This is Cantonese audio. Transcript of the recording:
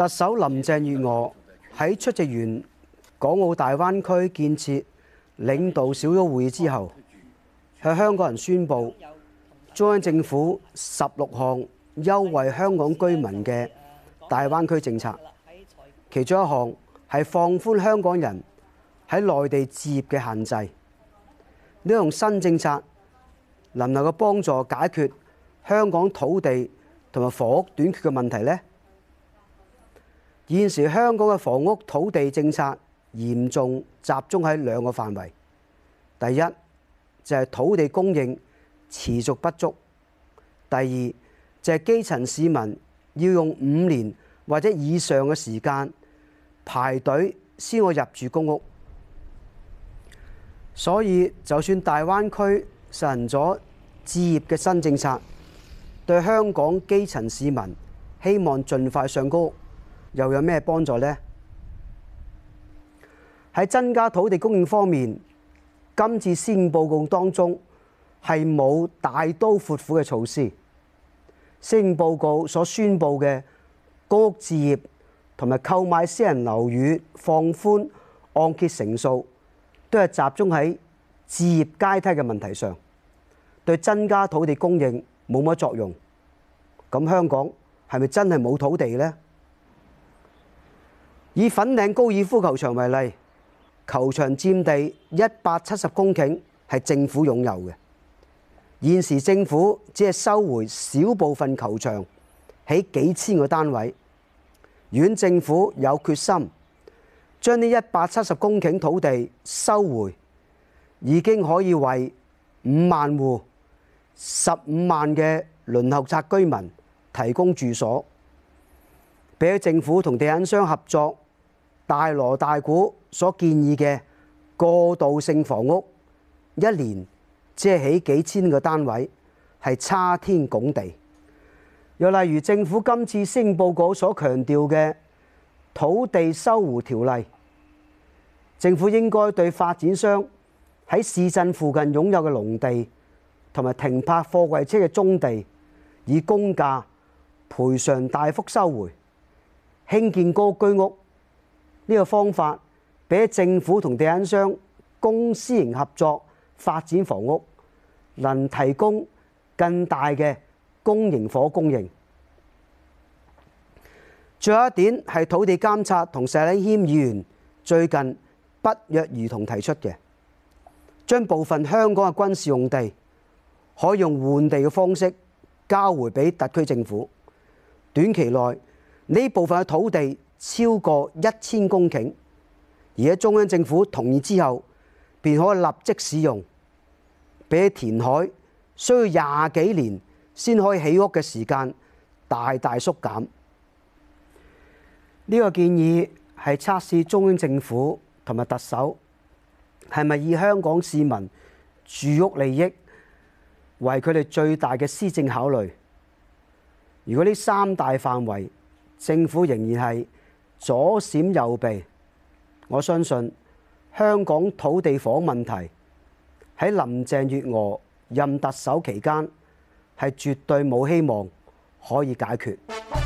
特首林鄭月娥喺出席完港澳大灣區建設領導小組會議之後，向香港人宣布中央政府十六項優惠香港居民嘅大灣區政策，其中一項係放寬香港人喺內地置業嘅限制。呢項新政策能唔能夠幫助解決香港土地同埋房屋短缺嘅問題咧？現時香港嘅房屋土地政策嚴重集中喺兩個範圍，第一就係土地供應持續不足；第二就係基層市民要用五年或者以上嘅時間排隊先可入住公屋。所以，就算大灣區實行咗置業嘅新政策，對香港基層市民希望盡快上高，又有咩幫助呢？喺增加土地供應方面，今次施政報告當中係冇大刀闊斧嘅措施。施政報告所宣布嘅高屋置業同埋購買私人樓宇，放寬按揭成數，都係集中喺置業階梯嘅問題上，對增加土地供應冇乜作用。咁香港係咪真係冇土地呢？以粉嶺高爾夫球場為例，球場佔地一百七十公頃，係政府擁有嘅。現時政府只係收回少部分球場，起幾千個單位。縣政府有決心將呢一百七十公頃土地收回，已經可以為五萬戶、十五萬嘅輪候冊居民提供住所。比起政府同地產商合作。大鑼大鼓所建議嘅過渡性房屋，一年遮起幾千個單位，係差天共地。又例如政府今次施政報告所強調嘅土地收回條例，政府應該對發展商喺市鎮附近擁有嘅農地同埋停泊貨櫃車嘅棕地，以公價賠償大幅收回，興建高居屋。呢個方法俾政府同地產商公私營合作發展房屋，能提供更大嘅公營火供應。最後一點係土地監察同石禮謙議員最近不約而同提出嘅，將部分香港嘅軍事用地可用換地嘅方式交回俾特區政府。短期內呢部分嘅土地，超過一千公頃，而喺中央政府同意之後，便可以立即使用。比起填海需要廿幾年先可以起屋嘅時間，大大縮減。呢個建議係測試中央政府同埋特首係咪以香港市民住屋利益為佢哋最大嘅施政考慮。如果呢三大範圍政府仍然係，左閃右避，我相信香港土地房問題喺林鄭月娥任特首期間係絕對冇希望可以解決。